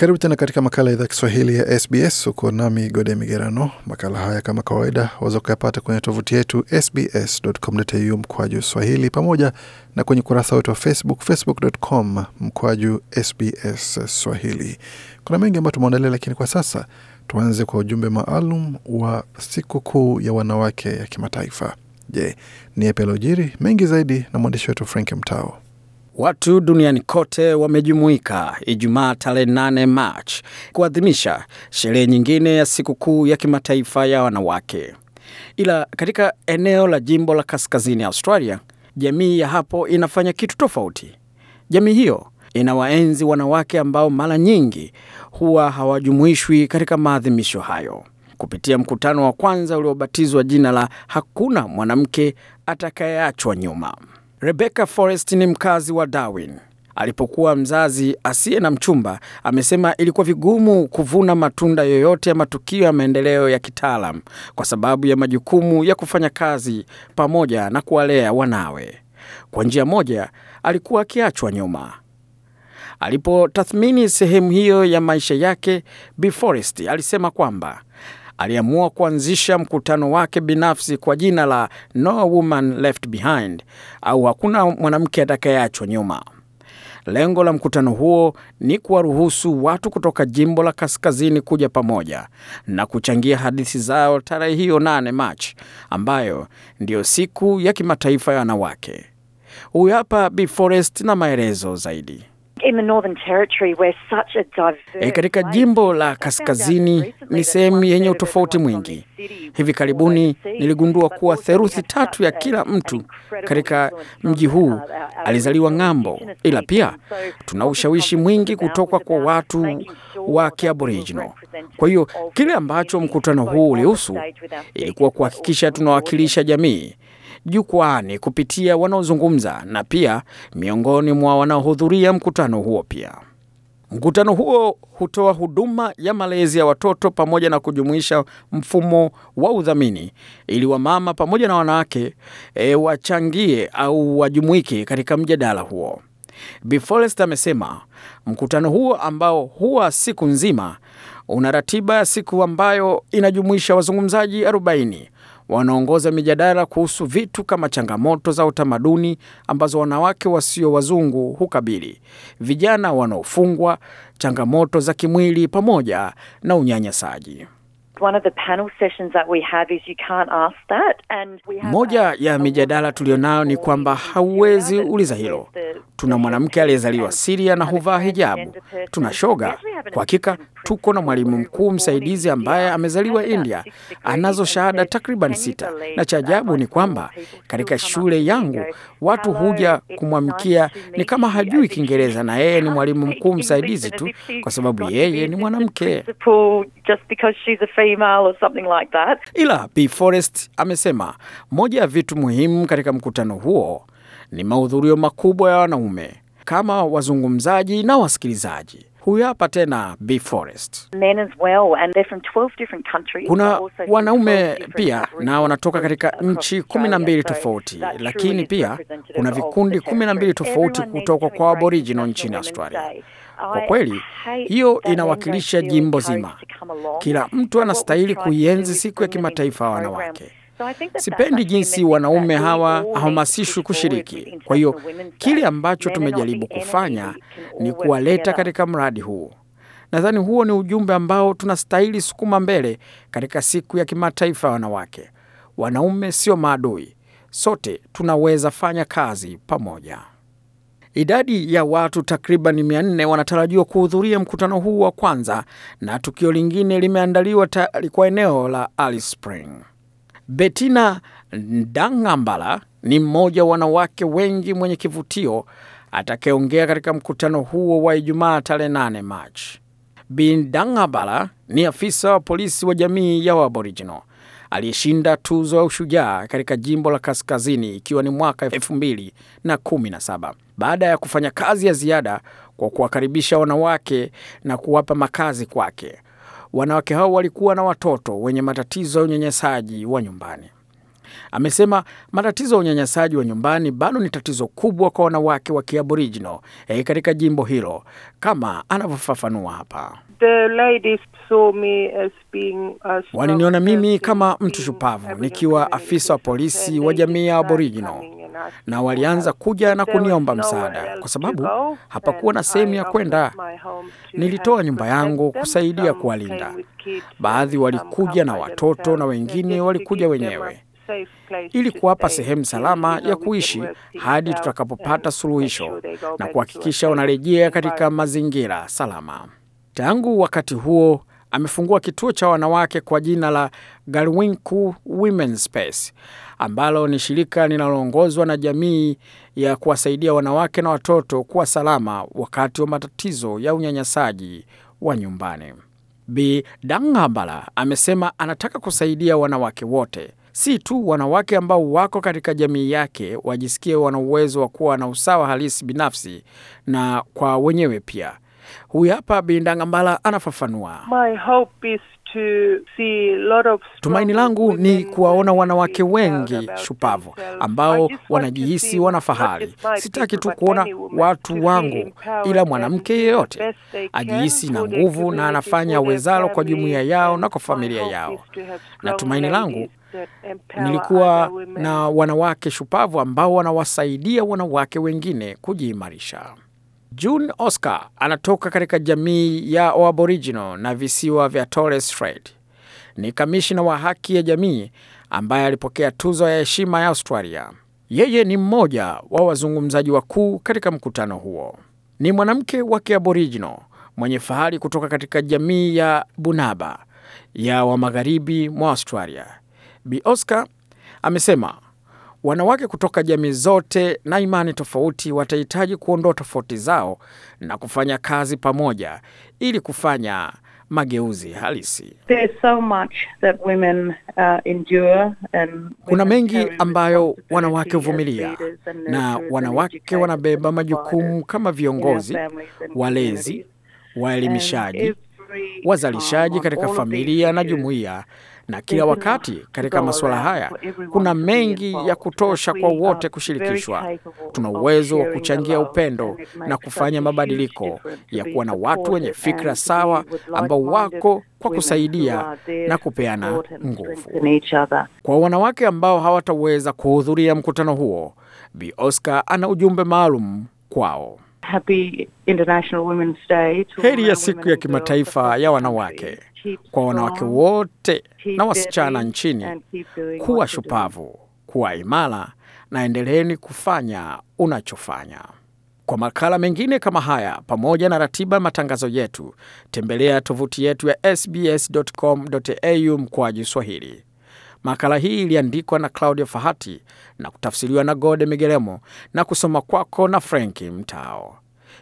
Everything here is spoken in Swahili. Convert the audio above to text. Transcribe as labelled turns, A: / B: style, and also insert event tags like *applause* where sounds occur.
A: Karibu tena katika makala ya idhaa Kiswahili ya SBS. Uko nami Gode Migerano. Makala haya kama kawaida waweza kuyapata kwenye tovuti yetu sbs.com.au mkwaju swahili, pamoja na kwenye ukurasa wetu wa Facebook, facebook.com mkwaju sbs swahili. Kuna mengi ambayo tumeandalia, lakini kwa sasa tuanze kwa ujumbe maalum wa siku kuu ya wanawake ya kimataifa. Je, ni yapi Mengi zaidi na mwandishi wetu Frank Mtao. Watu duniani kote wamejumuika Ijumaa tarehe 8 Machi kuadhimisha sherehe nyingine ya sikukuu ya kimataifa ya wanawake. Ila katika eneo la jimbo la kaskazini Australia, jamii ya hapo inafanya kitu tofauti. Jamii hiyo inawaenzi wanawake ambao mara nyingi huwa hawajumuishwi katika maadhimisho hayo. Kupitia mkutano wa kwanza uliobatizwa jina la hakuna mwanamke atakayeachwa nyuma Rebecca forest ni mkazi wa Darwin. Alipokuwa mzazi asiye na mchumba, amesema ilikuwa vigumu kuvuna matunda yoyote ya matukio ya maendeleo ya kitaalam kwa sababu ya majukumu ya kufanya kazi pamoja na kuwalea wanawe. Kwa njia moja, alikuwa akiachwa nyuma. Alipotathmini sehemu hiyo ya maisha yake, Bi alisema kwamba aliamua kuanzisha mkutano wake binafsi kwa jina la No Woman Left Behind au hakuna mwanamke atakayeachwa nyuma. Lengo la mkutano huo ni kuwaruhusu watu kutoka jimbo la kaskazini kuja pamoja na kuchangia hadithi zao tarehe hiyo 8 Machi, ambayo ndiyo siku ya kimataifa ya wanawake. Huyu hapa Bi Forest na maelezo zaidi. E, katika jimbo la kaskazini ni sehemu yenye utofauti mwingi. Hivi karibuni niligundua kuwa theruthi tatu ya kila mtu katika mji huu alizaliwa ng'ambo, ila pia tuna ushawishi mwingi kutoka kwa watu wa Kiaborijino. Kwa hiyo kile ambacho mkutano huu ulihusu ilikuwa kuhakikisha tunawakilisha jamii jukwaani kupitia wanaozungumza na pia miongoni mwa wanaohudhuria mkutano huo. Pia mkutano huo hutoa huduma ya malezi ya watoto pamoja na kujumuisha mfumo wa udhamini ili wamama pamoja na wanawake e, wachangie au wajumuike katika mjadala huo. Bi amesema mkutano huo ambao huwa siku nzima una ratiba ya siku ambayo inajumuisha wazungumzaji wanaongoza mijadala kuhusu vitu kama changamoto za utamaduni ambazo wanawake wasio wazungu hukabili, vijana wanaofungwa, changamoto za kimwili pamoja na unyanyasaji. Moja ya mijadala nayo ni kwamba hauwezi uliza hilo Tuna mwanamke aliyezaliwa Siria na huvaa hijabu. Tuna shoga. Kwa hakika tuko na mwalimu mkuu msaidizi ambaye amezaliwa India, anazo shahada takriban sita, na cha ajabu ni kwamba katika shule yangu watu huja kumwamkia ni kama hajui Kiingereza na yeye ni *laughs* mwalimu mkuu msaidizi tu kwa sababu yeye ni mwanamke. Ila B Forest amesema moja ya vitu muhimu katika mkutano huo ni mahudhurio makubwa ya wanaume kama wazungumzaji na wasikilizaji. Huyu hapa tena Forest. Kuna wanaume pia na wanatoka katika nchi kumi na mbili tofauti, lakini pia kuna vikundi kumi na mbili tofauti kutoka kwa Aboriginal nchini Australia. Kwa kweli hiyo inawakilisha jimbo zima. Kila mtu anastahili kuienzi siku ya kimataifa ya wanawake. Sipendi jinsi wanaume hawa hawahamasishwi kushiriki. Kwa hiyo kile ambacho tumejaribu kufanya ni kuwaleta katika mradi huu. Nadhani huo ni ujumbe ambao tunastahili sukuma mbele katika siku ya kimataifa ya wanawake. Wanaume sio maadui, sote tunaweza fanya kazi pamoja. Idadi ya watu takriban mia nne wanatarajiwa kuhudhuria mkutano huu wa kwanza, na tukio lingine limeandaliwa tayari kwa eneo la Alice Betina Ndang'ambala ni mmoja wa wanawake wengi mwenye kivutio atakayeongea katika mkutano huo wa Ijumaa tarehe 8 Machi. Bindang'abala ni afisa wa polisi wa jamii ya Waborijino aliyeshinda tuzo ya ushujaa katika jimbo la Kaskazini ikiwa ni mwaka 2017 baada ya kufanya kazi ya ziada kwa kuwakaribisha wanawake na kuwapa makazi kwake. Wanawake hao walikuwa na watoto wenye matatizo ya unyanyasaji wa nyumbani. Amesema matatizo ya unyanyasaji wa nyumbani bado ni tatizo kubwa kwa wanawake wa kiaborijino e, eh, katika jimbo hilo, kama anavyofafanua hapa. Waliniona mimi kama mtu shupavu nikiwa afisa wa polisi wa jamii ya Aboriginal na walianza kuja na kuniomba msaada kwa sababu hapakuwa na sehemu ya kwenda. Nilitoa nyumba yangu kusaidia kuwalinda. Baadhi walikuja na watoto na wengine walikuja wenyewe ili kuwapa sehemu salama ya kuishi hadi tutakapopata suluhisho na kuhakikisha wanarejea katika mazingira salama. Tangu wakati huo amefungua kituo cha wanawake kwa jina la Galwinku Women Space ambalo ni shirika linaloongozwa na jamii ya kuwasaidia wanawake na watoto kuwa salama wakati wa matatizo ya unyanyasaji wa nyumbani. Bi Dangambala amesema anataka kusaidia wanawake wote, si tu wanawake ambao wako katika jamii yake wajisikie wana uwezo wa kuwa na usawa halisi binafsi na kwa wenyewe pia Huyu hapa Bindangambala anafafanua. My hope is Tumaini langu ni kuwaona wanawake wengi shupavu ambao wanajihisi wanafahari Sitaki tu kuona watu wangu, ila mwanamke yeyote ajihisi na nguvu na anafanya wezalo kwa jumuiya yao na kwa familia yao. Na tumaini langu nilikuwa na wanawake shupavu ambao wanawasaidia wanawake wengine kujiimarisha. June Oscar anatoka katika jamii ya Aboriginal na visiwa vya Torres Strait. Ni kamishina wa haki ya jamii ambaye alipokea tuzo ya heshima ya Australia. Yeye ni mmoja wa wazungumzaji wakuu katika mkutano huo. Ni mwanamke wa Kiaboriginal mwenye fahari kutoka katika jamii ya Bunaba ya wa magharibi mwa Australia. Bi Oscar amesema Wanawake kutoka jamii zote na imani tofauti watahitaji kuondoa tofauti zao na kufanya kazi pamoja ili kufanya mageuzi halisi. So much that women, uh, endure and kuna mengi ambayo wanawake huvumilia na wanawake wanabeba majukumu kama viongozi, walezi, waelimishaji, wazalishaji katika familia na jumuiya na kila wakati katika masuala haya kuna mengi ya kutosha kwa wote kushirikishwa. Tuna uwezo wa kuchangia upendo na kufanya mabadiliko ya kuwa na watu wenye fikra sawa ambao wako kwa kusaidia na kupeana nguvu. Kwa wanawake ambao hawataweza kuhudhuria mkutano huo, Bi Oscar ana ujumbe maalum kwao. Heri ya siku ya kimataifa ya wanawake kwa wanawake wote na wasichana nchini kuwa shupavu, kuwa imara na endeleeni kufanya unachofanya. Kwa makala mengine kama haya pamoja na ratiba ya matangazo yetu, tembelea tovuti yetu ya sbs.com.au mkoaji Swahili. Makala hii iliandikwa na Claudia Fahati na kutafsiriwa na Gode Migeremo na kusoma kwako na Franki Mtao.